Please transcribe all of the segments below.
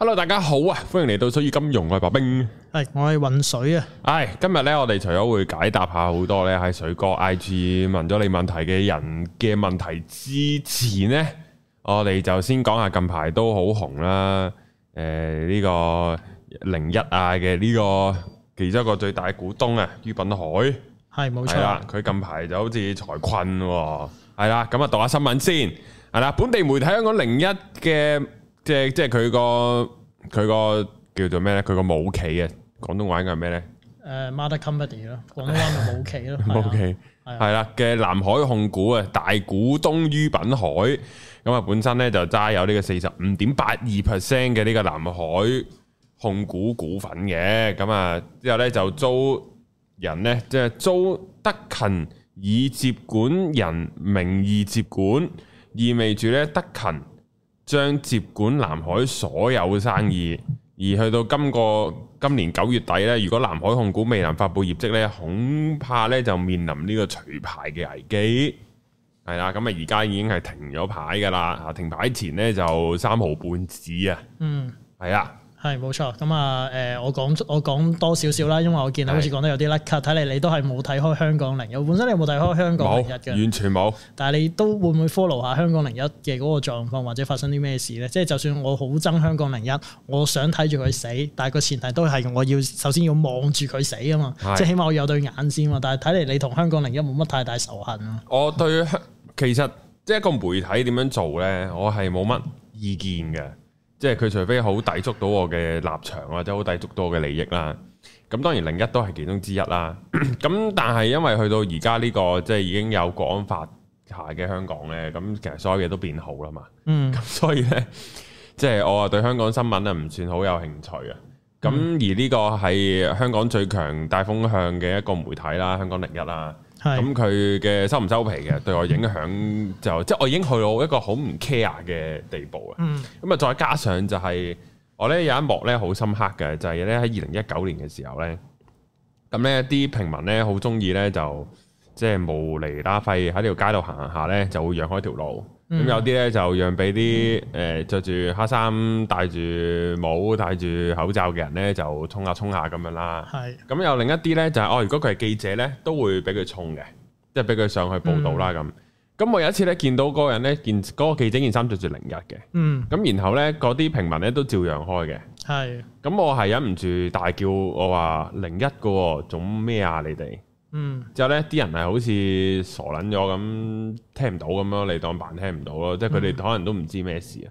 hello，大家好啊，歡迎嚟到《需要金融》《水與金融》啊，白兵，係我係渾水啊。係、哎、今日咧，我哋除咗會解答下好多咧喺水哥 IG 問咗你問題嘅人嘅問題之前咧，我哋就先講下近排都好紅啦。誒、呃、呢、這個零一啊嘅呢、這個其中一個最大股東啊，于品海係冇錯啦。佢近排就好似財困喎、啊，係啦。咁、嗯、啊，嗯嗯、就讀下新聞先係啦。本地媒體香港零一嘅。即係即係佢個佢個叫做咩呢？佢個母企嘅廣東話應該係咩呢？誒、uh，mother company 咯，廣東話咪母企咯。母企係啦嘅南海控股啊，大股東于品海咁啊，本身呢就揸有呢個四十五點八二 percent 嘅呢個南海控股股份嘅，咁啊之後呢就遭人呢，即、就、係、是、遭德勤以接管人名義接管，意味住呢德勤。將接管南海所有生意，而去到今個今年九月底咧，如果南海控股未能發布業績咧，恐怕咧就面臨呢個除牌嘅危機，係啦。咁啊，而家已經係停咗牌㗎啦，停牌前呢就三毫半子啊，嗯，係啊。係冇錯，咁啊，誒、嗯，我講我講多少少啦，因為我見你好似講得有啲甩咳。睇嚟，是你都係冇睇開香港零一，本身你冇睇開香港零一嘅，完全冇。但係你都會唔會 follow 下香港零一嘅嗰個狀況，或者發生啲咩事咧？即、就、係、是、就算我好憎香港零一，我想睇住佢死，但係個前提都係我要首先要望住佢死啊嘛，即係是起碼我有對眼先嘛。但係睇嚟你同香港零一冇乜太大仇恨啊。我對香其實即係、就是、一個媒體點樣做咧，我係冇乜意見嘅。即係佢除非好抵觸到我嘅立場或者好抵觸到我嘅利益啦，咁當然零一都係其中之一啦。咁但係因為去到而家呢個即係已經有國安法下嘅香港呢，咁其實所有嘢都變好啦嘛。嗯，咁所以呢，即係我啊對香港新聞啊唔算好有興趣啊。咁而呢個係香港最強大風向嘅一個媒體啦，香港零一啦。咁佢嘅收唔收皮嘅，對我影響就即係 我已經去到一個好唔 care 嘅地步啦。咁啊、嗯，再加上就係我咧有一幕咧好深刻嘅，就係咧喺二零一九年嘅時候咧，咁咧啲平民咧好中意咧就。即係無厘啦廢喺呢條街度行下呢，就會讓開條路。咁、嗯、有啲呢，就讓俾啲誒著住黑衫、戴住帽、戴住口罩嘅人呢，就衝下衝下咁樣啦。咁是有另一啲呢，就係、是、哦、呃，如果佢係記者呢，都會俾佢衝嘅，即係俾佢上去報導啦咁。咁、嗯、我有一次呢，見到個人呢，件嗰、那個記者件衫着住零一嘅。嗯。咁然後呢，嗰啲平民呢，都照樣讓開嘅。係。咁我係忍唔住大叫我話零一個，做咩啊你哋？嗯，之後咧啲人係好似傻撚咗咁，聽唔到咁樣，你當扮聽唔到咯，即係佢哋可能都唔知咩事啊。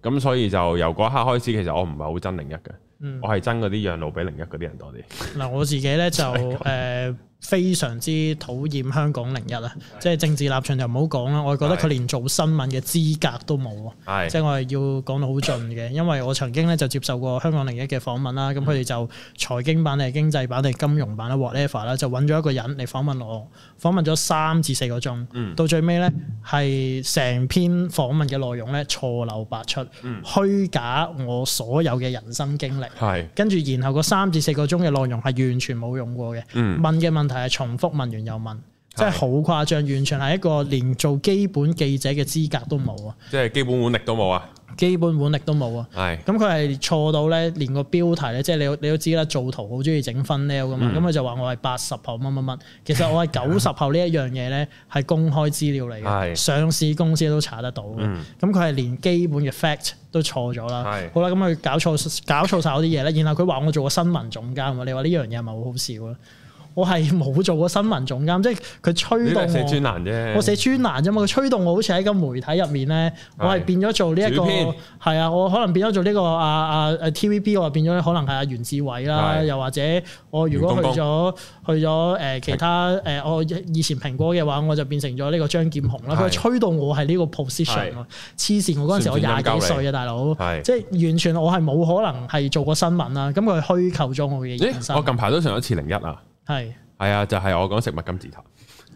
咁、嗯、所以就由嗰一刻開始，其實我唔係好憎零一嘅，嗯、我係憎嗰啲讓路俾零一嗰啲人多啲。嗱、嗯，我自己咧就誒。非常之討厭香港零一啦，即係政治立場就唔好講啦。我係覺得佢連做新聞嘅資格都冇，的即係我係要講到好盡嘅。因為我曾經咧就接受過香港零一嘅訪問啦，咁佢哋就財經版定係經濟版定係金融版啦 whatever 啦，就揾咗一個人嚟訪問我，訪問咗三至四個鐘，嗯、到最尾咧係成篇訪問嘅內容咧錯漏百出，嗯、虛假我所有嘅人生經歷，嗯、跟住然後個三至四個鐘嘅內容係完全冇用過嘅，嗯、問嘅問。問題係重複問完又問，即係好誇張，完全係一個連做基本記者嘅資格都冇啊！即係基本碗力都冇啊！基本碗力都冇啊！係咁佢係錯到咧，連個標題咧，即係你你都知啦，做圖好中意整分 l 嘅嘛，咁佢、嗯、就話我係八十後乜乜乜，其實我係九十後呢一樣嘢，咧係公開資料嚟嘅，是上市公司都查得到。咁佢係連基本嘅 fact 都錯咗啦。是好啦，咁佢搞錯搞錯晒啲嘢咧，然後佢話我做個新聞總監，你話呢樣嘢係咪好好笑咧？我係冇做過新聞總監，即係佢吹動我寫，我寫專欄啫。我寫專欄啫嘛，佢吹動我好似喺個媒體入面咧，是我係變咗做呢、這、一個。主編係啊，我可能變咗做呢個啊啊誒 TVB，我變咗可能係阿袁志偉啦，是又或者我如果去咗去咗誒、呃、其他誒，我、呃、以前蘋果嘅話，我就變成咗呢個張劍虹啦。佢是吹動我係呢個 position 黐線。我嗰陣時我廿幾歲啊，大佬，即係完全我係冇可能係做過新聞啦。咁佢虛構咗我嘅人生。咦？我近排都上咗一次零一啊！係係啊，就係、是、我講食物金字塔。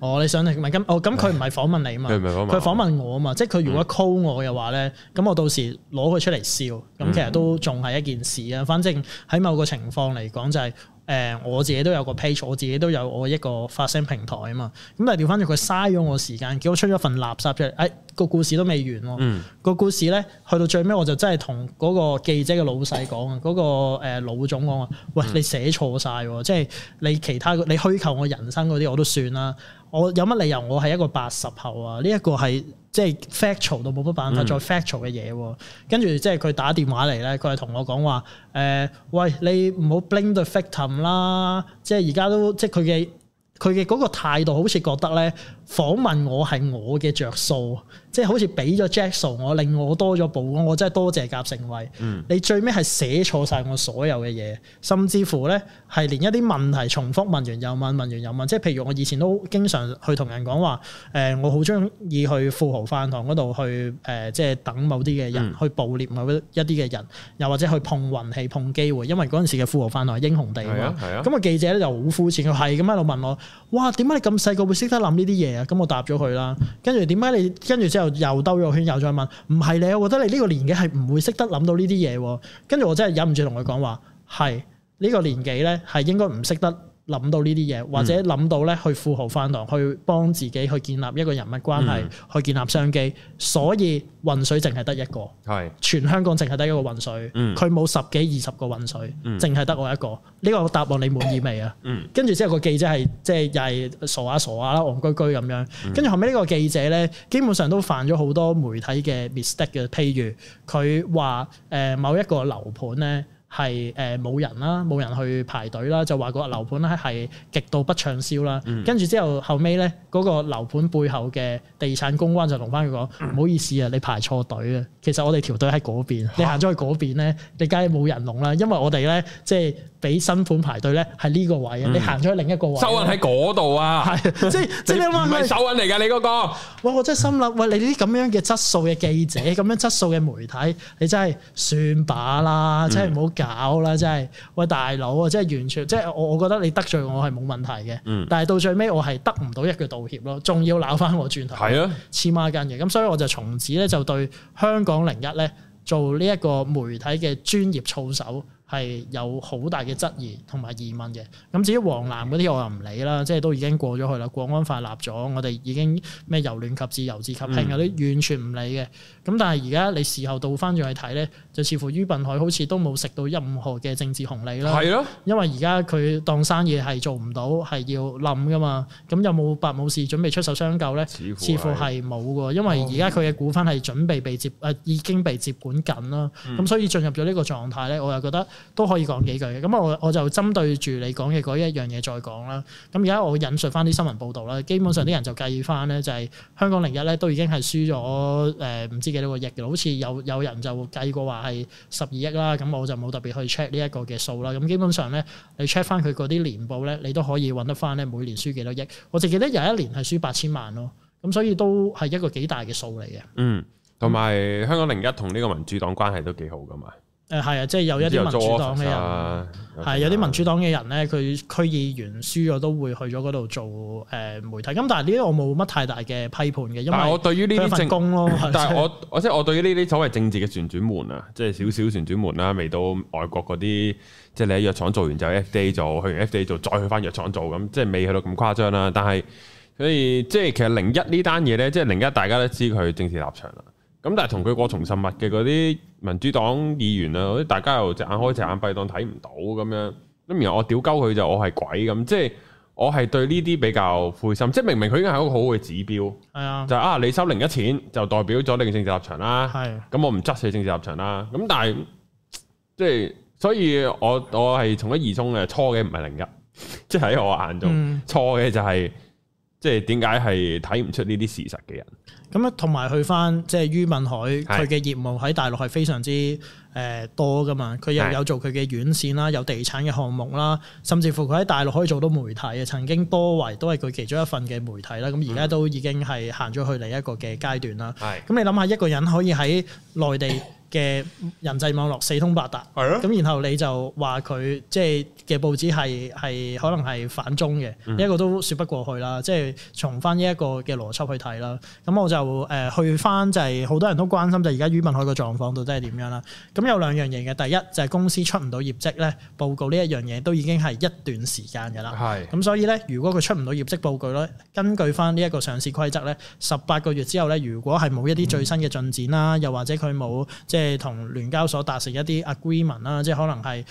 哦，你想食物金？哦，咁佢唔係訪問你啊、哎、嘛，佢唔係訪問，佢訪問我啊嘛。即係佢如果 call 我嘅話咧，咁、嗯、我到時攞佢出嚟笑，咁其實都仲係一件事啊。反正喺某個情況嚟講就係、是。誒我自己都有個 page，我自己都有我一個發聲平台啊嘛。咁但係調翻轉佢嘥咗我時間，叫我出咗份垃圾出嚟。誒、哎、個故事都未完咯。個、嗯、故事咧，去到最尾我就真係同嗰個記者嘅老細講啊，嗰、嗰個老總講話，喂，你寫錯晒，嗯、即係你其他你虛構我人生嗰啲我都算啦。我有乜理由我係一個八十後啊？呢、呢、一個係。即係 factual 到冇乜辦法再 factual 嘅嘢喎，跟住即係佢打電話嚟咧，佢係同我講話，誒、呃，喂你唔好 blame the victim 啦，即係而家都即係佢嘅佢嘅嗰個態度好似覺得咧。訪問我係我嘅着數，即係好似俾咗 Jaxo 我，令我多咗曝光，我真係多謝夾成慧。嗯、你最尾係寫錯晒我所有嘅嘢，甚至乎咧係連一啲問題重複問完又問，問完又問。即係譬如我以前都經常去同人講話，誒、呃、我好中意去富豪飯堂嗰度去誒、呃，即係等某啲嘅人、嗯、去捕獵某一啲嘅人，又或者去碰運氣碰機會，因為嗰陣時嘅富豪飯堂係英雄地咁啊，啊個記者咧就好膚淺，佢係咁喺度路問我，哇點解你咁細個會識得諗呢啲嘢？咁我答咗佢啦，跟住點解你跟住之後又兜咗圈又再問？唔係你，我覺得你呢個年紀係唔會識得諗到呢啲嘢喎。跟住我真係忍唔住同佢講話，係，呢個年紀咧係應該唔識得。諗到呢啲嘢，或者諗到咧去富豪飯堂，去幫自己去建立一個人脈關係，嗯、去建立商機。所以渾水淨係得一個，係是全香港淨係得一個渾水，佢冇、嗯、十幾二十個渾水，淨係得我一個。呢、這個答案你滿意未啊？嗯、跟住之後個記者係即係又係傻下傻下啦，戇居居咁樣。跟住後尾呢個記者咧，基本上都犯咗好多媒體嘅 mistake 嘅，譬如佢話誒某一個樓盤咧。係誒冇人啦，冇人去排隊啦，就話個樓盤咧係極度不暢銷啦。跟住之後後尾咧，嗰個樓盤背後嘅地產公關就同翻佢講：唔好意思啊，你排錯隊啊。其實我哋條隊喺嗰邊，你行咗去嗰邊咧，你梗係冇人龍啦。因為我哋咧即係俾新款排隊咧係呢個位，你行咗去另一個位，收銀喺嗰度啊！即即係你話唔係收銀嚟㗎？你嗰個，我真係心諗，喂，你啲咁樣嘅質素嘅記者，咁樣質素嘅媒體，你真係算把啦，真係唔好。搞啦，真係，喂，大佬啊！即係完全， 即係我我覺得你得罪我係冇問題嘅，嗯、但係到最尾我係得唔到一句道歉咯，仲要鬧翻我轉頭，係啊、嗯，黐孖筋嘅。咁所以我就從此咧就對香港零一咧做呢一個媒體嘅專業操守係有好大嘅質疑同埋疑問嘅。咁至於黃藍嗰啲，我又唔理啦，即係都已經過咗去啦。國安法立咗，我哋已經咩由亂及自由治及，及，係嗰啲完全唔理嘅。咁但係而家你事後倒翻轉去睇呢，就似乎于品海好似都冇食到任何嘅政治紅利啦。啊、因為而家佢當生意係做唔到，係要冧㗎嘛。咁有冇白武士準備出手相救呢？似乎係冇嘅，因為而家佢嘅股份係準備被接，已經被接管緊啦。咁、嗯、所以進入咗呢個狀態呢，我又覺得。都可以講幾句嘅，咁我我就針對住你講嘅嗰一樣嘢再講啦。咁而家我引述翻啲新聞報道啦，基本上啲人就計翻咧，就係香港零一咧都已經係輸咗誒唔知幾多個億嘅，好似有有人就計過話係十二億啦。咁我就冇特別去 check 呢一個嘅數啦。咁基本上咧，你 check 翻佢嗰啲年報咧，你都可以揾得翻咧每年輸幾多億。我淨記得有一年係輸八千萬咯。咁所以都係一個幾大嘅數嚟嘅。嗯，同埋香港零一同呢個民主黨關係都幾好噶嘛。誒係、嗯、啊，即係有一啲民主黨嘅人，係、啊啊、有啲民主黨嘅人咧，佢區議員輸咗都會去咗嗰度做誒媒體。咁、呃嗯、但係呢啲我冇乜太大嘅批判嘅，因為我對於呢啲份工咯。但係我 我即係、就是、我對於呢啲所謂政治嘅旋轉門啊，即係少少旋轉門啦，未到外國嗰啲，即、就、係、是、你喺藥廠做完就 FDA 做，去完 FDA 做再去翻藥廠做咁，即係未去到咁誇張啦。但係所以即係其實零一呢單嘢咧，即係零一大家都知佢政治立場啦。咁但係同佢過從甚密嘅嗰啲民主黨議員啊，啲大家又隻眼開隻眼閉，當睇唔到咁樣。咁然後我屌鳩佢就我係鬼咁，即係我係對呢啲比較灰心。即係明明佢已經係一個好嘅指標，係的啊，就啊你收零一錢就代表咗你嘅政治立場啦。係的。咁我唔質佢政治立場啦。咁但係即係所以我，我我係從一而終嘅，錯嘅唔係零一，即係喺我眼中初嘅就係、是。即係點解係睇唔出呢啲事實嘅人？咁啊，同埋去翻即係于品海，佢嘅業務喺大陸係非常之誒多噶嘛。佢又有做佢嘅院線啦，有地產嘅項目啦，甚至乎佢喺大陸可以做到媒體啊。曾經多維都係佢其中一份嘅媒體啦。咁而家都已經係行咗去另一個嘅階段啦。咁、嗯、你諗下，一個人可以喺內地嘅人際網絡四通八達，咁的然後你就話佢即係嘅報紙係係可能係反中嘅，呢一、嗯、個都説不過去啦。即係從翻呢一個嘅邏輯去睇啦。咁我就誒、呃、去翻就係、是、好多人都關心就而家于品海個狀況到底係點樣啦。咁有兩樣嘢嘅，第一就係、是、公司出唔到業績咧，報告呢一樣嘢都已經係一段時間㗎啦。咁是所以咧，如果佢出唔到業績報告咧，根據翻呢一個上市規則咧，十八個月之後咧，如果係冇一啲最新嘅進展啦，嗯、又或者佢冇即係。同聯交所達成一啲 agreement 啦，即係可能係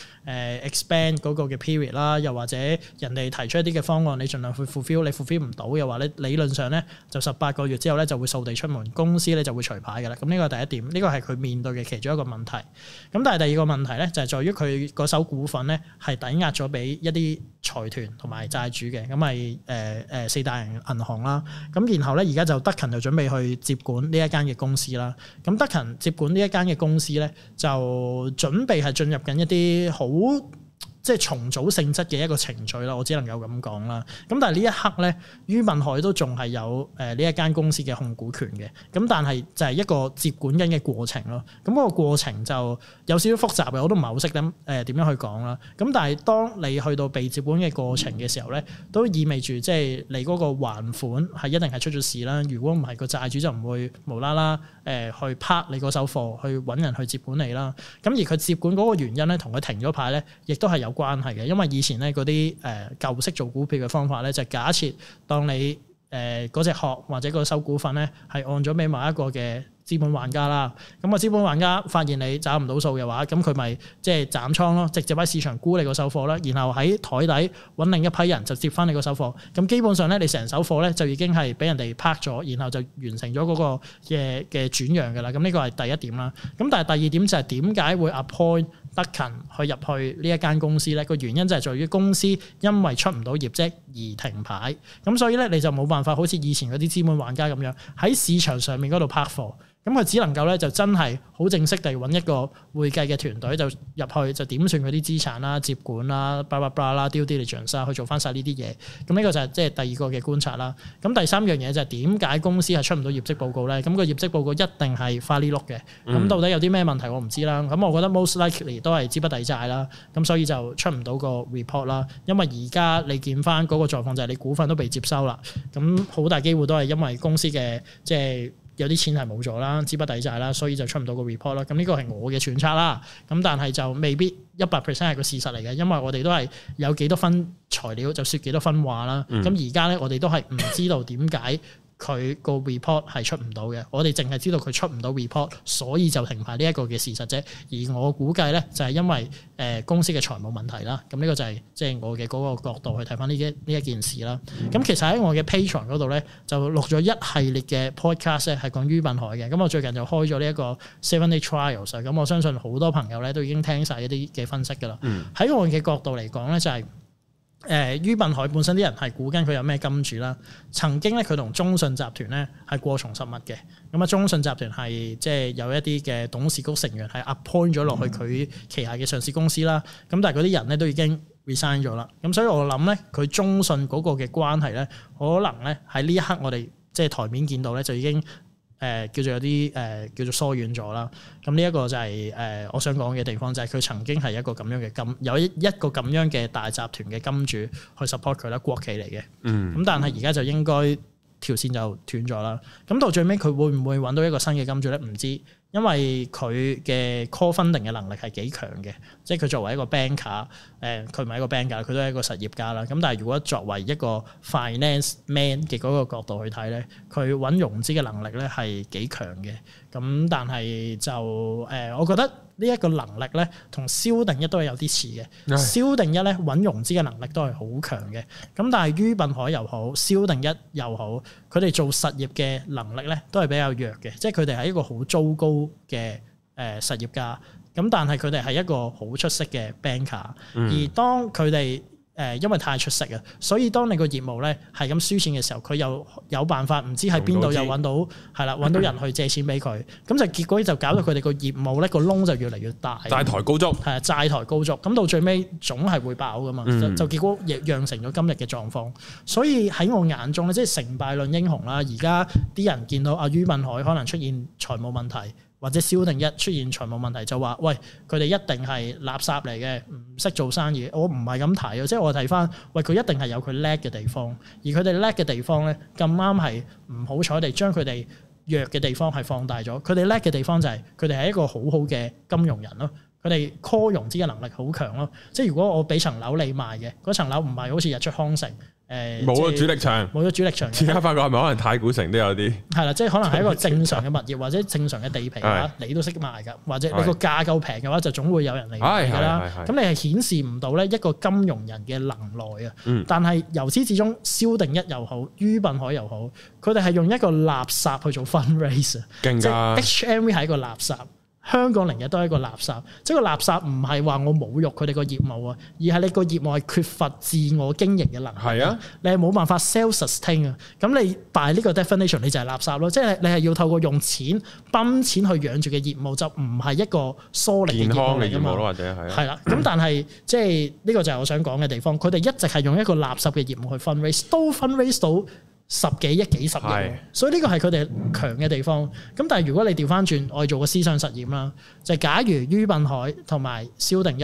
誒 expand 嗰個嘅 period 啦，又或者人哋提出一啲嘅方案，你盡量去 fulfill，你 fulfill 唔到又話咧，理論上咧就十八個月之後咧就會掃地出門，公司咧就會除牌㗎喇。咁、這、呢個第一點，呢、這個係佢面對嘅其中一個問題。咁但係第二個問題咧就係、是、在於佢嗰手股份咧係抵押咗俾一啲財團同埋債主嘅，咁係誒誒四大銀行啦。咁然後咧而家就德勤就準備去接管呢一間嘅公司啦。咁德勤接管呢一間嘅。公司咧就準備係進入緊一啲好。即係重組性質嘅一個程序啦，我只能夠咁講啦。咁但係呢一刻咧，于品海都仲係有誒呢、呃、一間公司嘅控股權嘅。咁但係就係一個接管緊嘅過程咯。咁、嗯嗰個過程就有少少複雜嘅，我都唔係好識咁誒點樣去講啦。咁、呃呃呃、但係當你去到被接管嘅過程嘅時候咧，都意味住即係你嗰個還款係一定係出咗事啦。如果唔係個債主就唔會無啦啦誒去拍你嗰手貨去揾人去接管你啦。咁、呃、而佢接管嗰個原因咧，同佢停咗牌咧，亦都係有關係嘅，因為以前咧嗰啲誒舊式做股票嘅方法咧，就是、假設當你誒嗰隻殼或者個收股份咧係按咗俾某一個嘅資本玩家啦，咁、個資本玩家發現你找唔到數嘅話，咁佢咪即係斬倉咯，直接喺市場沽你個手貨啦，然後喺台底揾另一批人就接翻你個手貨，咁基本上咧你成手貨咧就已經係俾人哋 pack 咗，然後就完成咗嗰、個嘅嘅、呃、轉讓噶啦，咁呢個係第一點啦。咁但係第二點就係點解會 appoint？德勤去入去呢一間公司咧，個原因就係在於公司因為出唔到業績而停牌，咁所以咧你就冇辦法好似以前嗰啲資本玩家咁樣喺市場上面嗰度拍貨。咁佢只能夠咧就真係好正式地揾一個會計嘅團隊就入去就點算佢啲資產啦、接管啦、巴拉巴拉、due diligence 啊，去做翻晒呢啲嘢。咁呢個就係即係第二個嘅觀察啦。咁第三樣嘢就係點解公司係出唔到業績報告呢？咁個業績報告一定係花呢碌嘅。咁到底有啲咩問題我唔知啦。咁我覺得 most likely 都係資不抵債啦。咁所以就出唔到個 report 啦。因為而家你見翻嗰個狀況就係你股份都被接收啦。咁好大機會都係因為公司嘅即係。就是有啲錢係冇咗啦，資不抵債啦，所以就出唔到個 report 啦。咁呢個係我嘅揣測啦。咁但係就未必一百 percent 係個事實嚟嘅，因為我哋都係有幾多分材料就説幾多分話啦。咁而家咧，我哋都係唔知道點解。佢個 report 係出唔到嘅，我哋淨係知道佢出唔到 report，所以就停牌呢一個嘅事實啫。而我估計呢，就係因為誒公司嘅財務問題啦。咁呢個就係即係我嘅嗰個角度去睇翻呢一呢一件事啦。咁、嗯、其實喺我嘅 Patreon 度呢，就錄咗一系列嘅 podcast 咧，係講于品海嘅。咁我最近就開咗呢一個 seven day trials。咁我相信好多朋友呢，都已經聽晒一啲嘅分析㗎啦。喺、嗯、我嘅角度嚟講呢、就係，就係。誒于品海本身啲人係估緊佢有咩金主啦，曾經咧佢同中信集團咧係過重實物嘅，咁啊中信集團係即係有一啲嘅董事局成員係 appoint 咗落去佢旗下嘅上市公司啦，咁、嗯、但係嗰啲人咧都已經 resign 咗啦，咁所以我諗咧佢中信嗰個嘅關係咧，可能咧喺呢一刻我哋即係台面見到咧就已經。誒、呃、叫做有啲誒、呃、叫做疏遠咗啦，咁呢一個就係、是、誒、呃、我想講嘅地方就係佢曾經係一個咁樣嘅金有一一個咁樣嘅大集團嘅金主去 support 佢咧，國企嚟嘅，咁但係而家就應該條線就斷咗啦，咁到最尾佢會唔會揾到一個新嘅金主咧？唔知。因為佢嘅 call funding 嘅能力係幾強嘅，即係佢作為一個 banker，誒、呃、佢唔係一個 banker，佢都係一個實業家啦。咁但係如果作為一個 finance man 嘅嗰個角度去睇咧，佢揾融資嘅能力咧係幾強嘅。咁但係就誒、呃，我覺得。呢一個能力咧，同蕭定一都係有啲似嘅。對蕭定一咧揾融資嘅能力都係好強嘅。咁但係于品海又好，蕭定一又好，佢哋做實業嘅能力咧，都係比較弱嘅。即係佢哋係一個好糟糕嘅誒實業家。咁但係佢哋係一個好出色嘅 banker。嗯。而當佢哋誒，因為太出色啊，所以當你個業務咧係咁輸錢嘅時候，佢又有辦法，唔知喺邊度又揾到，係啦，揾到人去借錢俾佢，咁就、嗯、結果就搞到佢哋個業務咧、個窿就越嚟越大。債台高築係啊，債台高築，咁到最尾總係會爆噶嘛，就結果亦釀成咗今日嘅狀況。所以喺我眼中咧，即係成敗論英雄啦。而家啲人見到阿于品海可能出現財務問題。或者蕭定一出現財務問題就話，喂，佢哋一定係垃圾嚟嘅，唔識做生意。我唔係咁睇啊，即係我睇翻，喂，佢一定係有佢叻嘅地方，而佢哋叻嘅地方咧咁啱係唔好彩地將佢哋弱嘅地方係放大咗。佢哋叻嘅地方就係佢哋係一個好好嘅金融人咯，佢哋 call 融資嘅能力好強咯。即係如果我俾層樓你賣嘅，嗰層樓唔係好似日出康城。誒冇咗主力場，冇咗主力場。而家發覺係咪可能太古城都有啲？係啦，即係可能喺一個正常嘅物業或者正常嘅地皮嚇，你都識賣㗎，或者你個價夠平嘅話，就總會有人嚟買㗎啦。咁你係顯示唔到咧一個金融人嘅能耐啊。但係由始至終，蕭定一又好，于品海又好，佢哋係用一個垃圾去做 fundraise 啊！即係 HMV 係一個垃圾。.香港零一都係一個垃圾，即係個垃圾唔係話我侮辱佢哋個業務啊，而係你個業務係缺乏自我經營嘅能力。係啊，你係冇辦法 sell sustain 啊。咁你 by 呢個 definition 你就係垃圾咯，即係你係要透過用錢、泵錢去養住嘅業務就唔係一個疏離嘅業務，健康嘅業務咯，或者係。係啦、啊，咁 但係即係呢、這個就係我想講嘅地方，佢哋一直係用一個垃圾嘅業務去 fundraise，都 fundraise 到。十幾億幾十億，所以呢個係佢哋強嘅地方。咁但係如果你調翻轉，我要做個思想實驗啦，就係假如于品海同埋蕭定一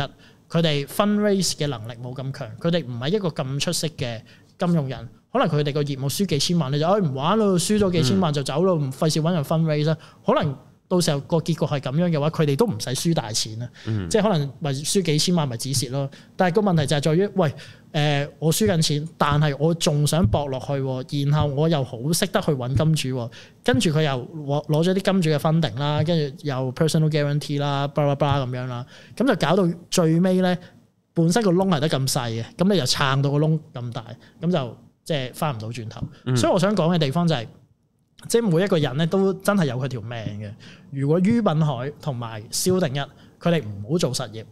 佢哋 fundraise 嘅能力冇咁強，佢哋唔係一個咁出色嘅金融人，可能佢哋個業務輸幾千萬，你就唉，唔玩咯，輸咗幾千萬就走咯，唔費事揾人 fundraise 啦。可能到時候個結果係咁樣嘅話，佢哋都唔使輸大錢啊，即係可能咪輸幾千萬咪止蝕咯。但係個問題就係在於，喂。誒、呃，我輸緊錢，但係我仲想搏落去，然後我又好識得去揾金主，跟住佢又攞咗啲金主嘅分定啦，跟住又 personal guarantee 啦，巴拉巴拉咁樣啦，咁就搞到最尾咧，本身個窿係得咁細嘅，咁你就撐到個窿咁大，咁就即係翻唔到轉頭。嗯、所以我想講嘅地方就係、是，即係每一個人咧都真係有佢條命嘅。如果于品海同埋蕭定一，佢哋唔好做實業。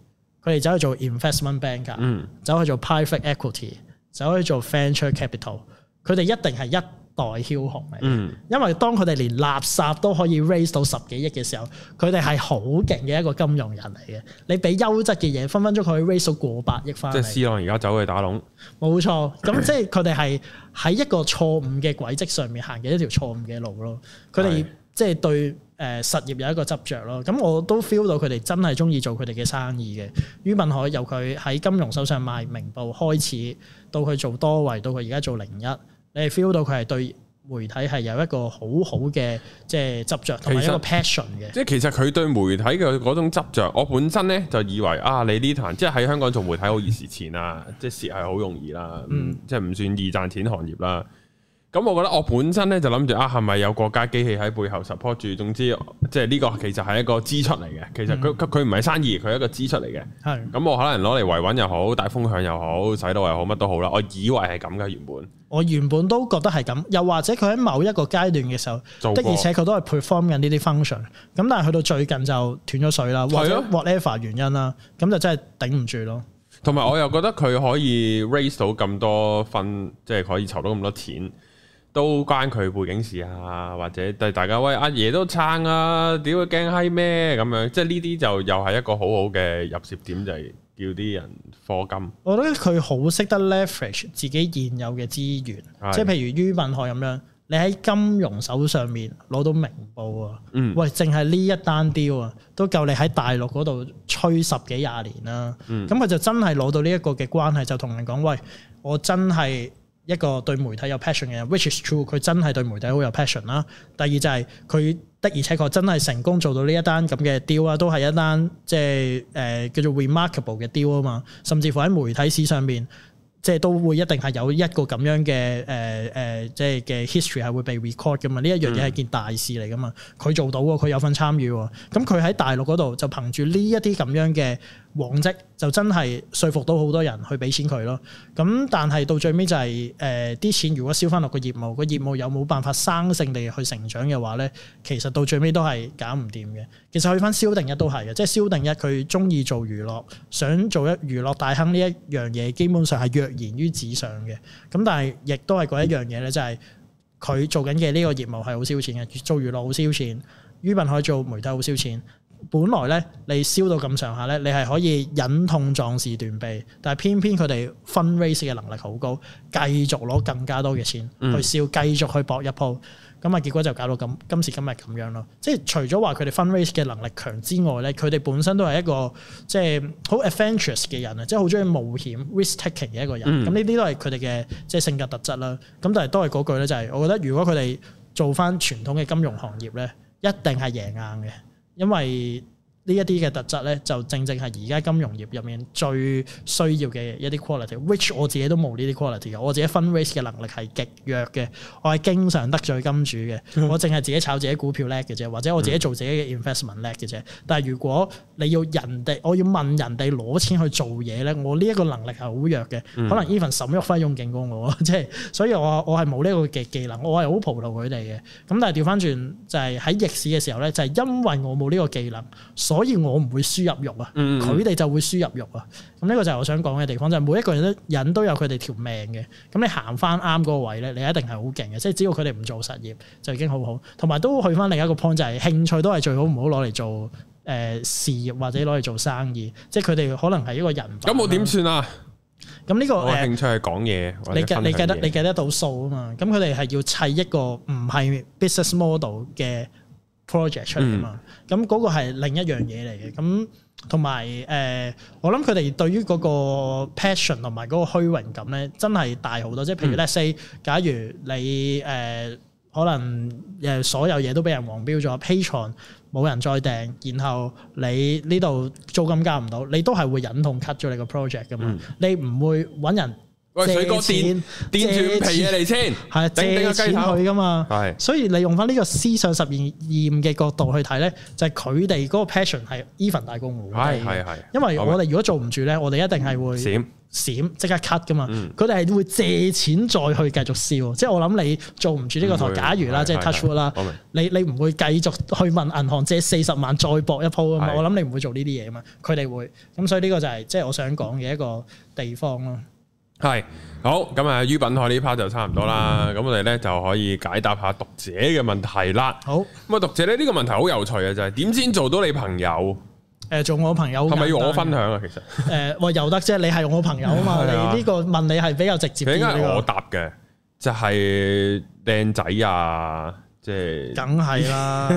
佢哋走去做 investment bank 噶、嗯，走去做 private equity，走去做 venture capital，佢哋一定係一代梟雄嚟。嗯、因為當佢哋連垃圾都可以 raise 到十幾億嘅時候，佢哋係好勁嘅一個金融人嚟嘅。你俾優質嘅嘢，分分鐘佢可以 raise 到過百億翻。即係私囊而家走去打窿，冇錯，咁即係佢哋係喺一個錯誤嘅軌跡上面行嘅一條錯誤嘅路咯。佢哋即係對。誒實業有一個執着咯，咁我都 feel 到佢哋真係中意做佢哋嘅生意嘅。于品海由佢喺金融手上賣明報開始，到佢做多維，到佢而家做零一，你係 feel 到佢係對媒體係有一個好好嘅即係執着同埋一個 passion 嘅。即係其實佢對媒體嘅嗰種執著，我本身呢就以為啊，你呢壇即係喺香港做媒體好易蝕錢啊，即係蝕係好容易啦，即係唔算易賺錢行業啦。咁我覺得我本身咧就諗住啊，係咪有國家機器喺背後 support 住？總之即係呢個其實係一個支出嚟嘅。其實佢佢唔係生意，佢係一個支出嚟嘅。係。咁我可能攞嚟維穩又好，帶風向又好，使到又好，乜都好啦。我以為係咁嘅原本。我原本都覺得係咁，又或者佢喺某一個階段嘅時候做過的，而且佢都係 perform 緊呢啲 function。咁但係去到最近就斷咗水啦，或者 whatever 原因啦，咁的就真係頂唔住咯。同埋、嗯、我又覺得佢可以 raise 到咁多分，即係可以籌到咁多錢。都關佢背景事啊，或者對大家喂阿爺，爺都撐啊，屌佢驚嗨咩咁樣？即係呢啲就又係一個好好嘅入蝕點，嗯、就係叫啲人課金。我覺得佢好識得 leverage 自己現有嘅資源，即係是譬如于品海咁樣，你喺金融手上面攞到明報啊，嗯、喂，淨係呢一單 deal 啊，都夠你喺大陸嗰度吹十幾廿年啦、啊。咁佢、嗯、就真係攞到呢一個嘅關係，就同人講喂，我真係。一個對媒體有 passion 嘅人 which is true，佢真係對媒體好有 passion 啦。第二就係、是、佢的而且確真係成功做到呢一單咁嘅 deal 啊，都係一單即係誒、呃、叫做 remarkable 嘅 deal 啊嘛。甚至乎喺媒體史上面，即係都會一定係有一個咁樣嘅誒誒，即係嘅 history 係會被 record 噶嘛。呢一樣嘢係件大事嚟噶嘛。佢、嗯、做到喎，佢有份參與喎。咁佢喺大陸嗰度就憑住呢一啲咁樣嘅。往績就真係說服到好多人去俾錢佢咯。咁但係到最尾就係誒啲錢如果燒翻落個業務，個業務有冇辦法生性地去成長嘅話呢？其實到最尾都係搞唔掂嘅。其實去翻蕭定一都係嘅，即係蕭定一佢中意做娛樂，想做一娛樂大亨呢一樣嘢，基本上係躍然於紙上嘅。咁但係亦都係嗰一樣嘢呢，就係佢做緊嘅呢個業務係好燒錢嘅，做娛樂好燒錢，于品海做媒體好燒錢。本來咧，你燒到咁上下咧，你係可以忍痛壯士斷臂，但係偏偏佢哋 fundraise 嘅能力好高，繼續攞更加多嘅錢去燒，繼續去搏一鋪，咁啊結果就搞到咁今時今日咁樣咯。即係除咗話佢哋 fundraise 嘅能力強之外咧，佢哋本身都係一個即係好 adventurous 嘅人啊，即係好中意冒險 risk-taking 嘅一個人。咁呢啲都係佢哋嘅即係性格特質啦。咁但係都係嗰句咧，就係，就係我覺得如果佢哋做翻傳統嘅金融行業咧，一定係贏硬嘅。因為，呢一啲嘅特質咧，就正正係而家金融業入面最需要嘅一啲 quality。which 我自己都冇呢啲 quality 嘅，我自己 fundraise 嘅能力係極弱嘅，我係經常得罪金主嘅， 我淨係自己炒自己股票叻嘅啫，或者我自己做自己嘅 investment 叻嘅啫。但係如果你要人哋，我要問人哋攞錢去做嘢咧，我呢一個能力係好弱嘅，可能 even 沈旭輝仲勁過我，即 係所以我我係冇呢個嘅技能，我係好葡萄佢哋嘅。咁但係調翻轉就係喺逆市嘅時候咧，就係、係、因為我冇呢個技能，所以我唔會輸入肉啊，佢哋、嗯、就會輸入肉啊。咁呢個就係我想講嘅地方，就係、是、每一個人都人都有佢哋條命嘅。咁你行翻啱嗰個位咧，你一定係好勁嘅。即係只要佢哋唔做實業，就已經好好。同埋都去翻另一個 point 就係、是、興趣都係最好唔好攞嚟做誒、呃、事業或者攞嚟做生意。即係佢哋可能係一個人咁、嗯、我點算啊？咁呢、這個誒，我興趣係講嘢，你計你計得你計得到數啊嘛？咁佢哋係要砌一個唔係 business model 嘅。project 嚟出啊嘛，咁嗰個係另一樣嘢嚟嘅，咁同埋誒，我諗佢哋對於嗰個 passion 同埋嗰個虛榮感咧，真係大好多。即係譬如，let's say，假如你誒可能誒所有嘢都俾人黃標咗，Patreon 冇人再訂，然後你呢度租金交唔到，你都係會忍痛 cut 咗你個 project 噶嘛，你唔會揾人。借個錢，皮嘢嚟先，係借個錢去噶嘛。係，所以你用翻呢個思想實驗驗嘅角度去睇咧，就係佢哋嗰個 passion 係 even 大過我。係係係，因為我哋如果做唔住咧，我哋一定係會閃，閃即刻 cut 噶嘛。佢哋係會借錢再去繼續燒。即係我諗你做唔住呢個台，假如啦，即係 touchwood 啦，你你唔會繼續去問銀行借四十萬再搏一鋪啊嘛。我諗你唔會做呢啲嘢啊嘛。佢哋會，咁所以呢個就係即係我想講嘅一個地方咯。係好咁啊！于品海呢 part 就差唔多啦，咁、嗯、我哋咧就可以解答下讀者嘅問題啦。好咁啊，讀者咧呢、這個問題好有趣啊，就係點先做到你朋友？誒、呃，做我朋友係咪要我分享啊？其實誒，話、呃、又得啫，你係我朋友啊嘛， 你呢個問你係比較直接點。點解係我答嘅？就係、是、靚仔啊，即係梗係啦，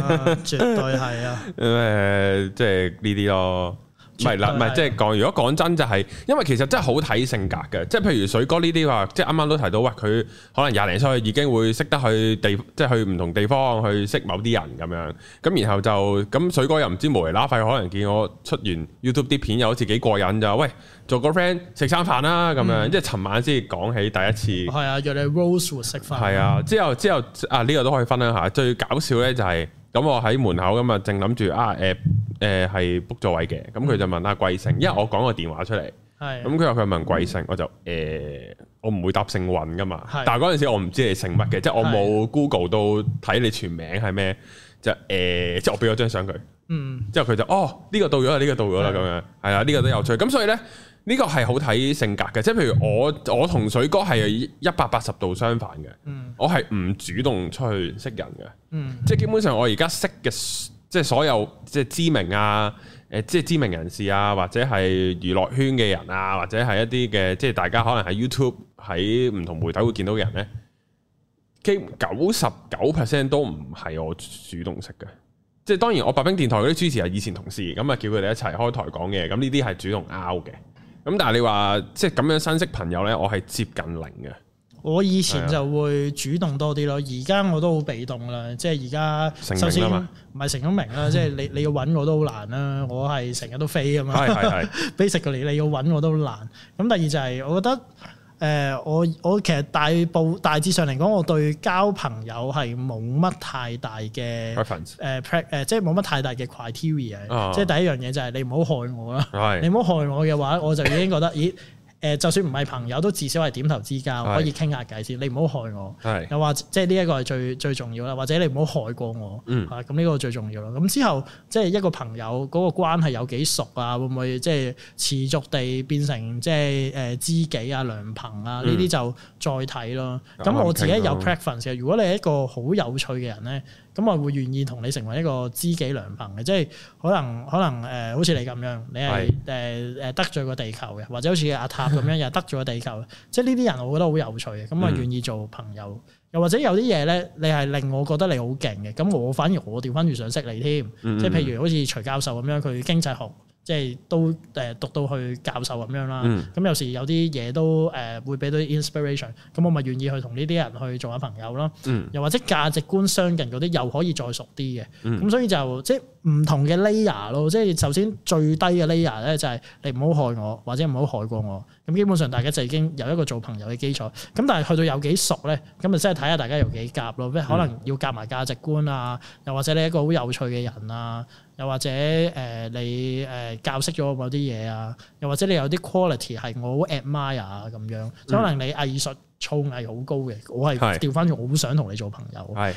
絕對係啊。誒、 呃，即係呢啲咯。唔係啦，唔係即係講。如果講真就係，因為其實真係好睇性格嘅。即係譬如水哥呢啲話，即係啱啱都提到，喂，佢可能廿零歲已經會識得去地，即係去唔同地方去識某啲人咁樣。咁然後就咁，水哥又唔知無厘啦廢，可能見我出完 YouTube 啲片，又好似幾過癮就，喂，做個 friend 食餐飯啦咁樣。嗯、即係尋晚先講起第一次。係、嗯、啊，約你 Rosewood 食飯。係啊，嗯，之後之後啊，呢個都可以分享下。最搞笑咧就係。咁我喺門口咁啊，正諗住啊，誒誒係 book 座位嘅，咁佢就問啊貴姓，因為我講個電話出嚟，係咁佢話佢問貴姓，我就誒、呃、我唔會答姓雲噶嘛，的但係嗰陣時我唔知你姓乜嘅，即係我冇 Google 到睇你全名係咩，即係即係我俾咗張相佢，嗯，之後佢就哦呢、這個到咗啦，呢、這個到咗啦，咁的樣係啊，呢、這個都有趣，咁所以咧。呢個係好睇性格嘅，即係譬如我我同水哥係一百八十度相反嘅，嗯、我係唔主動出去識人嘅，嗯、即係基本上我而家識嘅，即係所有即係知名啊，誒即係知名人士啊，或者係娛樂圈嘅人啊，或者係一啲嘅即係大家可能喺 YouTube 喺唔同媒體會見到嘅人呢，基九十九 percent 都唔係我主動識嘅，即係當然我白兵電台嗰啲主持係以前同事，咁啊叫佢哋一齊開台講嘅，咁呢啲係主動 out 嘅。咁但係你話即係咁樣新識朋友咧，我係接近零嘅。我以前就會主動多啲咯，而家、啊、我都好被動啦。即係而家首先唔係成咗名啦，即係、嗯、你你要搵我都好難啦。我係成日都飛㗎嘛，係係係，Basically 你你要搵我都好難。咁第二就係我覺得。誒、呃、我我其實大部大致上嚟講，我對交朋友係冇乜太大嘅誒 pr 誒即係冇乜太大嘅 criteria，Oh. 即係第一樣嘢就係你唔好害我啦，Right. 你唔好害我嘅話，我就已經覺得咦。 誒，就算唔係朋友，都至少係點頭之交，的可以傾下偈先。的你唔好害我，的又或即係呢一個係最最重要啦。或者你唔好害過我，咁呢、嗯、個最重要啦。咁之後即係一個朋友嗰個關係有幾熟啊？會唔會即係持續地變成即係誒知己啊、良朋啊？呢啲、嗯、就再睇咯。咁、嗯、我自己有 preference，如果你係一個好有趣嘅人咧。咁我會願意同你成為一個知己良朋嘅，即係可能可能誒、呃，好似你咁樣，你係誒誒得罪過地球嘅，或者好似阿塔咁樣又 得罪過地球，即係呢啲人我覺得好有趣嘅，咁我願意做朋友，又或者有啲嘢咧，你係令我覺得你好勁嘅，咁我反而我調翻轉想識你添，即係譬如好似徐教授咁樣，佢經濟學。即係都誒讀到去教授咁樣啦，咁、嗯、有時有啲嘢都誒、呃、會俾到啲 inspiration，咁我咪願意去同呢啲人去做下朋友啦。嗯、又或者價值觀相近嗰啲又可以再熟啲嘅。咁、嗯、所以就即係唔同嘅 layer 咯。即係首先最低嘅 layer 咧就係你唔好害我，或者唔好害過我。咁基本上大家就已經有一個做朋友嘅基礎，咁但係去到有幾熟咧，咁咪真係睇下大家有幾夾咯，即係可能要夾埋價值觀啊，又或者你一個好有趣嘅人啊，又或者誒、呃、你誒、呃、教識咗我啲嘢啊，又或者你有啲 quality 係我好 admire 啊。咁樣，嗯、可能你藝術。操藝好高嘅，我係調翻轉，我好想同你做朋友，係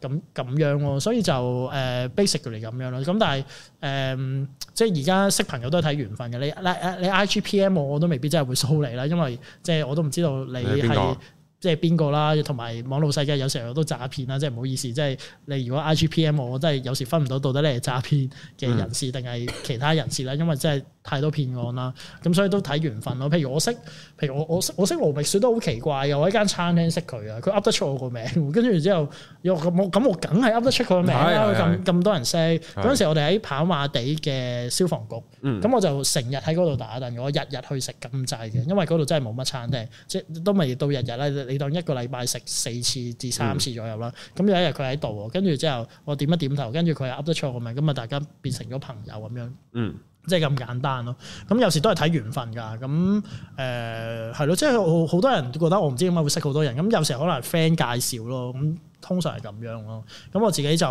咁咁樣咯，所以就誒 basically 咁樣咯。咁但係誒、嗯，即係而家識朋友都係睇緣分嘅。你你 IGPM 我我都未必真係會掃你啦，因為即係我都唔知道你係。誰即係邊個啦？同埋網絡世界有時候都詐騙啦，即係唔好意思，即係你如果 IGPM，我，我真係有時分唔到到底你係詐騙嘅人士定係其他人士啦，因為真係太多騙案啦。咁所以都睇緣分咯。譬如我識，譬如我譬如我我識羅碧雪都好奇怪嘅，我喺間餐廳識佢啊，佢噏得出我個名，跟住然之後又咁我咁我梗係噏得出佢個名啦。咁咁多人識嗰陣是時，我哋喺跑馬地嘅消防局，咁是我就成日喺嗰度打，但係我日日去食禁制嘅，因為嗰度真係冇乜餐廳，即都未到日日咧。你當一個禮拜食四次至三次左右啦，咁、嗯、有一日佢喺度，跟住之後我點一點頭，跟住佢又噏得出我個名，咁啊大家變成咗朋友咁樣，嗯，即係咁簡單咯。咁有時都係睇緣分噶，咁誒係咯，即係好多人覺得我唔知點解會識好多人，咁有時候可能 friend 介紹咯，咁通常係咁樣咯。咁我自己就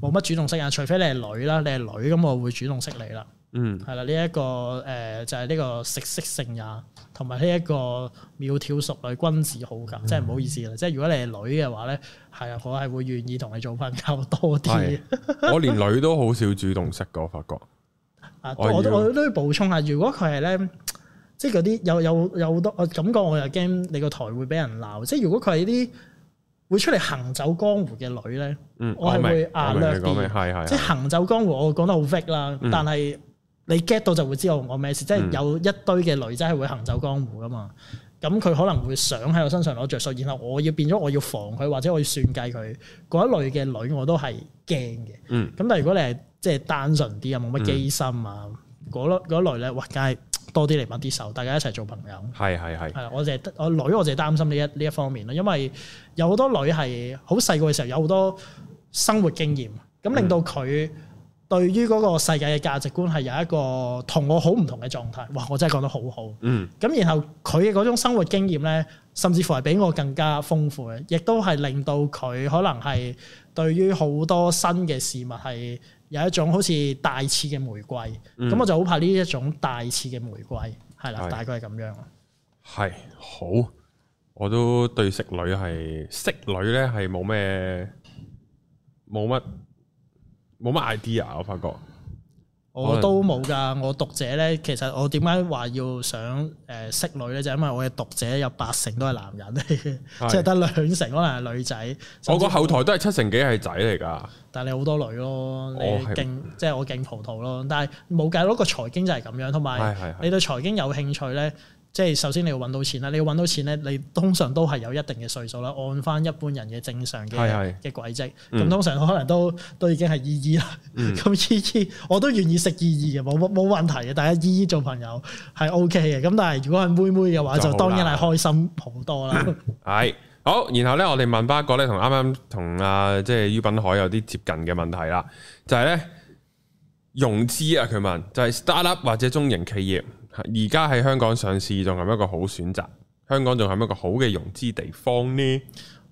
冇乜主動識啊，除非你係女啦，你係女咁我會主動識你啦。嗯，係啦，呢一個誒就係呢個食色性也，同埋呢一個窈窕淑女君子好逑，即係唔好意思啦。即係如果你係女嘅話咧，係啊，我係會願意同你做朋友多啲。我連女都好少主動識噶，我發覺。啊，我都我都要補充下，如果佢係咧，即係嗰啲有有有好多，我感覺我又驚你個台會俾人鬧。即係如果佢係啲會出嚟行走江湖嘅女咧，我係會 alert 啲，係係。即係行走江湖，我講得好 fit 啦，但係。你 get 到就會知道我咩事，即係有一堆嘅女仔係會行走江湖㗎嘛。咁佢可能會想喺我身上攞着數，然後我要變咗我要防佢，或者我要算計佢嗰一類嘅女我都係驚嘅。咁、嗯、但係如果你係即係單純啲啊，冇乜機心啊，嗰類嗰一類咧，哇，梗係多啲嚟握啲手，大家一齊做朋友。係係係。我淨係我女我擔，我淨係擔心呢一呢一方面咯，因為有好多女係好細個嘅時候有好多生活經驗，咁、嗯、令到佢。對於嗰個世界嘅價值觀係有一個同我好唔同嘅狀態，哇！我真係講得好好。嗯。咁然後佢嘅嗰種生活經驗呢，甚至乎係比我更加豐富嘅，亦都係令到佢可能係對於好多新嘅事物係有一種好似帶刺嘅玫瑰。咁我就好怕呢一種帶刺嘅玫瑰，係啦，大概係咁樣。係好，我都對色女係色女呢係冇咩冇乜冇乜 idea，我發覺我都冇㗎。我讀者咧，其實我點解話要想誒識女咧，就因為我嘅讀者有八成都係男人嚟嘅，即係得兩成可能係女仔。我個後台都係七成幾係仔嚟㗎，但係你好多女咯，你勁即係我勁葡萄咯。但係冇計，到個財經就係咁樣，同埋你對財經有興趣咧。即係首先你要揾到錢啦，你要揾到錢呢，你通常都係有一定嘅歲數啦。按翻一般人嘅正常嘅嘅軌跡，咁、嗯、通常可能都都已經係姨姨啦。咁姨姨，我都願意食姨姨嘅，冇冇冇問題嘅。大家姨姨做朋友係 OK 嘅。咁但係如果係妹妹嘅話，就當然係開心多好多啦。係 好，然後呢，我哋問翻一個咧，同啱啱同阿即係于品海有啲接近嘅問題啦，就係、係、呢。融資啊！佢問就係、是、startup 或者中型企業。而家喺香港上市仲係咪一個好選擇？香港仲係咪一個好嘅融資地方呢？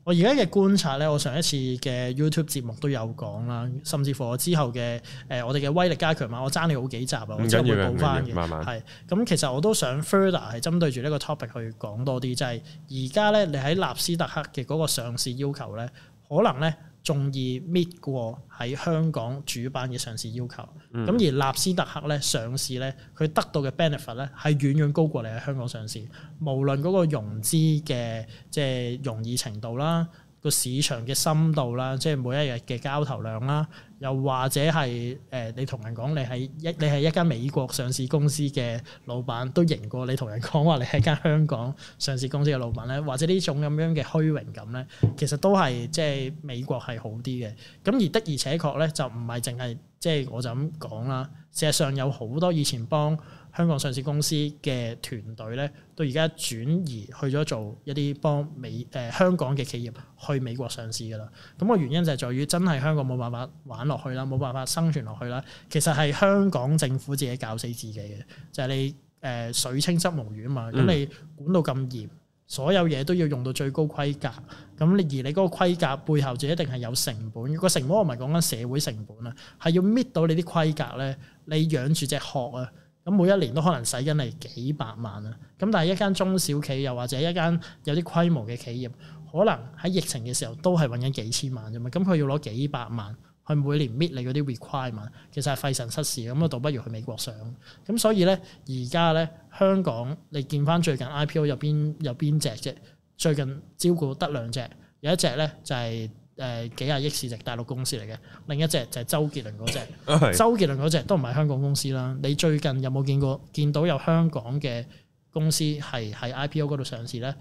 我而家嘅觀察呢，我上一次嘅 YouTube 節目都有講啦，甚至乎我之後嘅誒、呃、我哋嘅威力加強嘛，我爭你好幾集啊，或者會補翻嘅。慢慢，係咁，其實我都想 further 係針對住呢個 topic 去講多啲，就係而家呢，你喺納斯達克嘅嗰個上市要求呢，可能呢。仲易搣過喺香港主板嘅上市要求，咁、嗯、而納斯達克咧上市咧，佢得到嘅 benefit 咧係遠遠高過你喺香港上市，無論嗰個融資嘅即係容易程度啦，個市場嘅深度啦，即係每一日嘅交投量啦。又或者係誒、呃，你同人講你係一你係一間美國上市公司嘅老闆，都贏過你同人講話你係一間香港上市公司嘅老闆咧，或者呢種咁樣嘅虛榮感咧，其實都係即係美國係好啲嘅。咁而的而且確咧，就唔係淨係即係我就咁講啦。事實上有好多以前幫香港上市公司嘅團隊咧，到而家轉移去咗做一啲幫美誒、呃、香港嘅企業去美國上市噶啦。咁個原因就係在於真係香港冇辦法玩落去啦，冇辦法生存落去啦。其實係香港政府自己搞死自己嘅，就係、是、你誒、呃、水清則無魚啊嘛。咁、嗯、你管到咁嚴，所有嘢都要用到最高規格。咁你而你嗰個規格背後就一定係有成本。個成本我唔係講緊社會成本啊，係要搣到你啲規格咧，你養住隻殼啊！咁每一年都可能使緊你幾百萬啊！咁但係一間中小企又或者一間有啲規模嘅企業，可能喺疫情嘅時候都係揾緊幾千萬啫嘛。咁佢要攞幾百萬去每年 meet 你嗰啲 requirement，其實係費神失事咁啊，倒不如去美國上。咁所以咧，而家咧香港，你見翻最近 IPO 入邊有邊隻啫？最近招股得兩隻，有一隻咧就係、是。誒幾廿億市值大陸公司嚟嘅，另一隻就係周杰倫嗰隻， 周杰倫嗰隻都唔係香港公司啦。你最近有冇見過見到有香港嘅公司係喺 IPO 嗰度上市咧？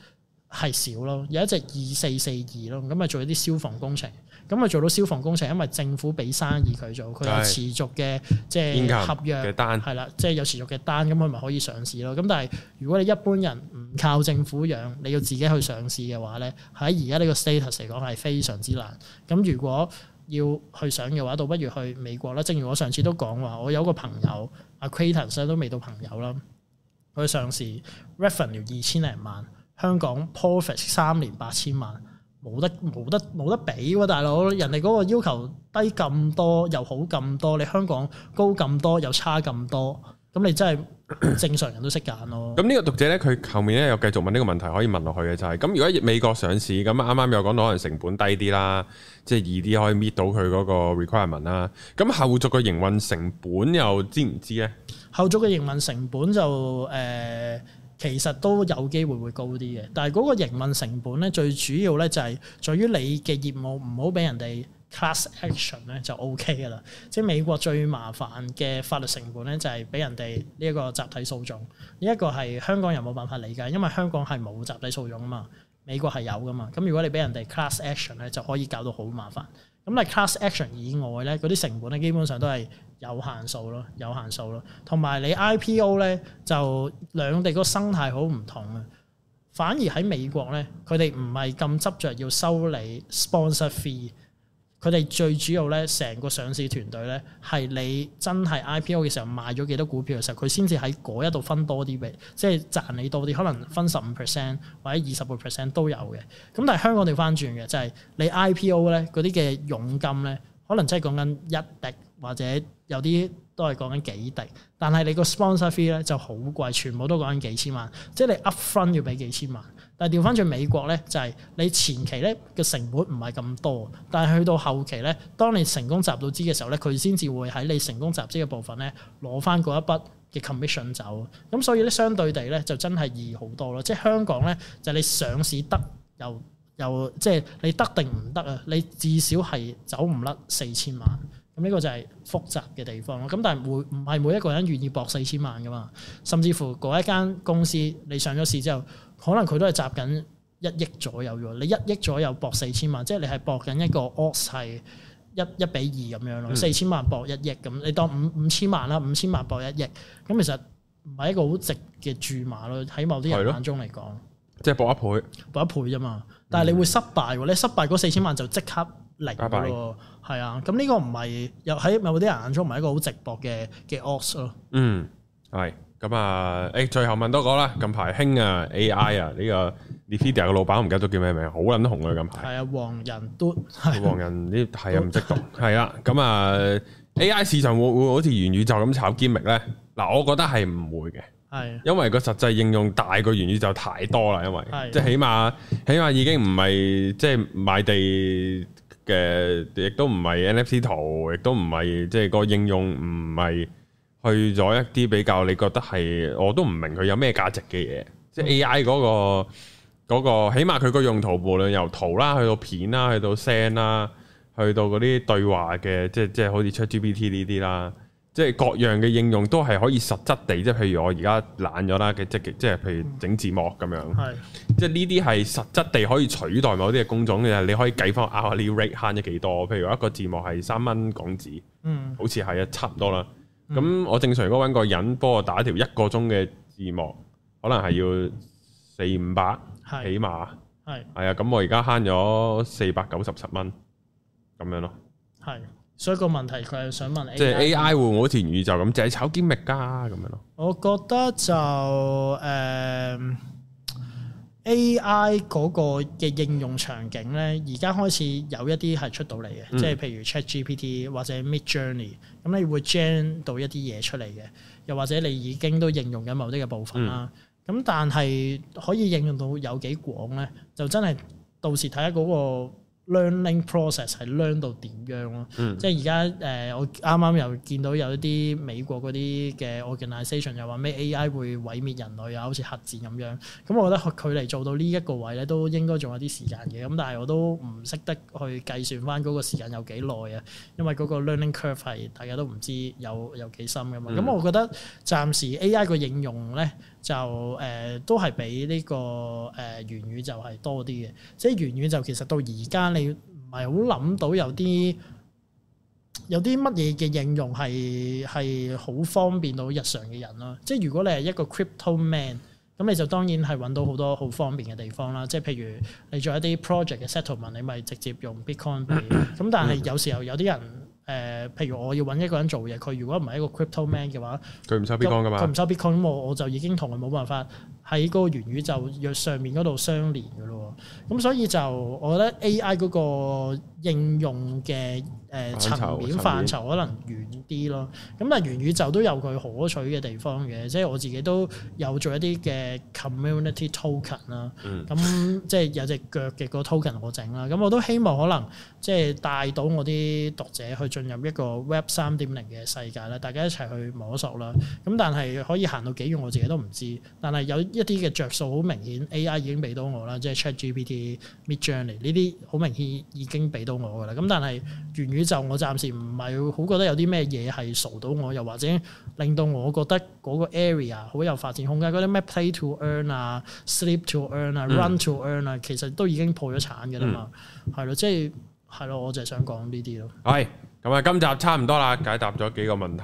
係少咯，有一隻二四四二咯，咁咪做一啲消防工程。咁佢做到消防工程，因為政府俾生意佢做，佢有持續嘅即係合約，係啦，即係有持續嘅單，咁佢咪可以上市咯。咁但係如果你一般人唔靠政府養，你要自己去上市嘅話咧，喺而家呢個 status 嚟講係非常之難。咁如果要去上嘅話，倒不如去美國啦。正如我上次都講話，我有個朋友，啊 acquaintance，都未到朋友啦，佢上市 revenue 二千零萬，香港 profit 三年八千萬。冇得冇得冇得比喎，大佬！人哋嗰個要求低咁多，又好咁多，你香港高咁多又差咁多，咁你真係 正常人都識揀咯。咁呢個讀者咧，佢後面咧又繼續問呢個問題，可以問落去嘅就係、是：咁如果美國上市，咁啱啱又講到可能成本低啲啦，即係易啲可以搣到佢嗰個 requirement 啦。咁後續嘅營運成本又知唔知咧？後續嘅營運成本就誒。呃其實都有機會會高啲嘅，但係嗰個營運成本咧，最主要咧就係在於你嘅業務唔好俾人哋 class action 咧就 OK 噶啦。即係美國最麻煩嘅法律成本咧，就係俾人哋呢一個集體訴訟。呢一個係香港人冇辦法理解。因為香港係冇集體訴訟啊嘛，美國係有噶嘛。咁如果你俾人哋 class action 咧，就可以搞到好麻煩。咁喺 class action 以外咧，嗰啲成本咧基本上都係。有限數咯，有限數咯。同埋你 IPO 咧，就兩地個生態好唔同啊。反而喺美國咧，佢哋唔係咁執著要收你 sponsor fee，佢哋最主要咧，成個上市團隊咧係你真係 IPO 嘅時候賣咗幾多股票嘅時候，佢先至喺嗰一度分多啲俾，即係賺你多啲，可能分十五 percent 或者二十個 percent 都有嘅。咁但係香港調翻轉嘅就係、是、你 IPO 咧嗰啲嘅佣金咧。可能真係講緊一滴，或者有啲都係講緊幾滴，但係你個 sponsor fee 咧就好貴，全部都講緊幾千萬。即係你 upfront 要俾幾千萬，但係調翻轉美國咧就係你前期咧嘅成本唔係咁多，但係去到後期咧，當你成功集到資嘅時候咧，佢先至會喺你成功集資嘅部分咧攞翻嗰一筆嘅 commission 走。咁所以咧，相對地咧就真係易好多咯。即係香港咧就係你上市得又。又即係你得定唔得啊？你至少係走唔甩四千萬，咁呢個就係複雜嘅地方咯。咁但係每唔係每一個人願意博四千萬噶嘛，甚至乎嗰一間公司你上咗市之後，可能佢都係集緊一億左右喎。你一億左右博四千萬，即係你係博緊一個 odds 係一一比二咁樣咯。四千萬博一億咁，你當五五千萬啦，五千萬博一億，咁其實唔係一個好值嘅注碼咯。喺某啲人眼中嚟講。即係搏一倍，搏一倍啫嘛。但係你會失敗喎，你失敗嗰四千萬就即刻零嘅係啊，咁呢拜拜 個唔係又喺某啲人眼中唔係一個好直博嘅嘅 OAS 咯。嗯，係咁啊。誒，最後問多個啦。近排興啊 AI 啊呢個 Nvidia 嘅老闆，唔記得咗叫咩名，好撚紅啊。近排。係啊，黃仁奪。黃仁呢係啊，唔識讀。係啊。咁啊 AI 市場會會好似元宇宙咁炒堅力咧。嗱，我覺得係唔會嘅。因為個實際應用大個原意就太多啦，因為即係 起碼起碼已經唔係即係買地嘅，亦都唔係 n f c 圖，亦都唔係即係個應用唔係去咗一啲比較你覺得係我都唔明佢有咩價值嘅嘢，即係 AI 嗰個嗰個起碼佢個用途無論由圖啦，去到片啦，去到聲啦，去到嗰啲對話嘅，即係即係好似 ChatGPT 呢啲啦。即係各樣嘅應用都係可以實質地，即係譬如我而家懶咗啦嘅，即係即係譬如整字幕咁樣。係、嗯，即係呢啲係實質地可以取代某啲嘅工種嘅，你可以計翻啊，你 rate 慳咗幾多。譬如一個字幕係三蚊港紙，嗯，好似係啊，七多啦。咁我正常如果揾個人幫我打條一個鐘嘅字幕，可能係要四五百，起碼係係啊。咁我而家慳咗四百九十七蚊，咁樣咯。係。所以個問題佢係想問你，即係 AI 會唔會，好似宇宙就咁，就係炒堅物加咁樣咯。我覺得就誒、呃、AI 嗰個嘅應用場景咧，而家開始有一啲係出到嚟嘅，嗯、即係譬如 ChatGPT 或者 Midjourney，咁你會 gen 到一啲嘢出嚟嘅，又或者你已經都應用緊某啲嘅部分啦。咁、嗯、但係可以應用到有幾廣咧，就真係到時睇下嗰個。learning process 係 learn 到點樣咯，嗯、即係而家誒，我啱啱又見到有一啲美國嗰啲嘅 organization 又話咩 AI 會毀滅人類啊，好似核戰咁樣。咁我覺得距離做到呢一個位咧，都應該仲有啲時間嘅。咁但係我都唔識得去計算翻嗰個時間有幾耐啊，因為嗰個 learning curve 係大家都唔知有有幾深噶嘛。咁、嗯、我覺得暫時 AI 個應用咧。就誒、呃、都係比呢、這個誒元、呃、宇宙就係多啲嘅，即以元宇宙就其實到而家你唔係好諗到有啲有啲乜嘢嘅應用係係好方便到日常嘅人咯。即係如果你係一個 crypto man，咁你就當然係揾到好多好方便嘅地方啦。即係譬如你做一啲 project 嘅 settlement，你咪直接用 bitcoin 俾。咁但係有時候有啲人。誒、呃，譬如我要揾一個人做嘢，佢如果唔係一個 crypto man 嘅話，佢唔、嗯、收 Bitcoin 㗎嘛？佢唔收 Bitcoin，咁我我就已經同佢冇辦法。喺嗰個元宇宙上面嗰度相連嘅咯，咁所以就我覺得 AI 嗰個應用嘅誒層面範疇可能遠啲咯。咁但係元宇宙都有佢可取嘅地方嘅，即係我自己都有做一啲嘅 community token 啦、嗯。咁即係有隻腳嘅個 token 我整啦。咁我都希望可能即係帶到我啲讀者去進入一個 Web 三點零嘅世界啦，大家一齊去摸索啦。咁但係可以行到幾遠我自己都唔知。但係有。一啲嘅着數好明顯，AI 已經俾到我啦，即係 ChatGPT、Midjourney 呢啲好明顯已經俾到我噶啦。咁但係元宇宙，我暫時唔係好覺得有啲咩嘢係傻到我，又或者令到我覺得嗰個 area 好有發展空間。嗰啲咩 Play to Earn 啊、Sleep to Earn 啊、嗯、Run to Earn 啊，其實都已經破咗產噶啦嘛。係咯、嗯，即係係咯，我就係想講呢啲咯。係，咁啊，今集差唔多啦，解答咗幾個問題。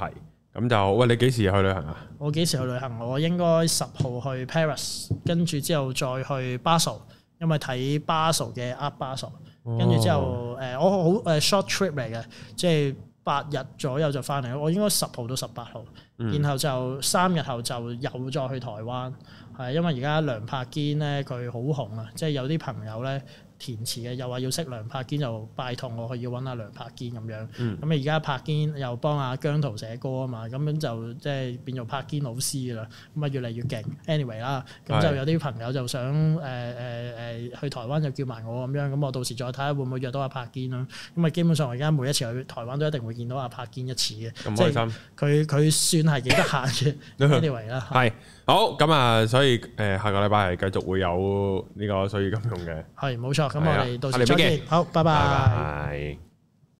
咁就喂，你幾時去旅行啊？我幾時去旅行？我應該十號去 Paris，跟住之後再去 Basel，因為睇 Basel 嘅 Art Basel，哦。跟住之後，誒、呃，我好誒、呃、short trip 嚟嘅，即係八日左右就翻嚟。我應該十號到十八號，然後就三日後就又再去台灣。係、嗯、因為而家梁柏堅咧，佢好紅啊，即、就、係、是、有啲朋友咧。填詞嘅又話要識梁柏堅，就拜託我去要揾阿梁柏堅咁樣。咁而家柏堅又幫阿姜濤寫歌啊嘛，咁樣就即係變做柏堅老師啦。咁啊越嚟越勁，anyway 啦。咁就有啲朋友就想誒誒誒去台灣就叫埋我咁樣，咁我到時再睇下會唔會約到阿柏堅咯。咁啊基本上我而家每一次去台灣都一定會見到阿柏堅一次嘅，即係佢佢算係幾得閒嘅，anyway 啦嚇 好，咁啊，所以，呃、下個禮拜係繼續會有呢個水與金融嘅，係冇錯，咁的我哋到時再見，好，拜拜。拜拜。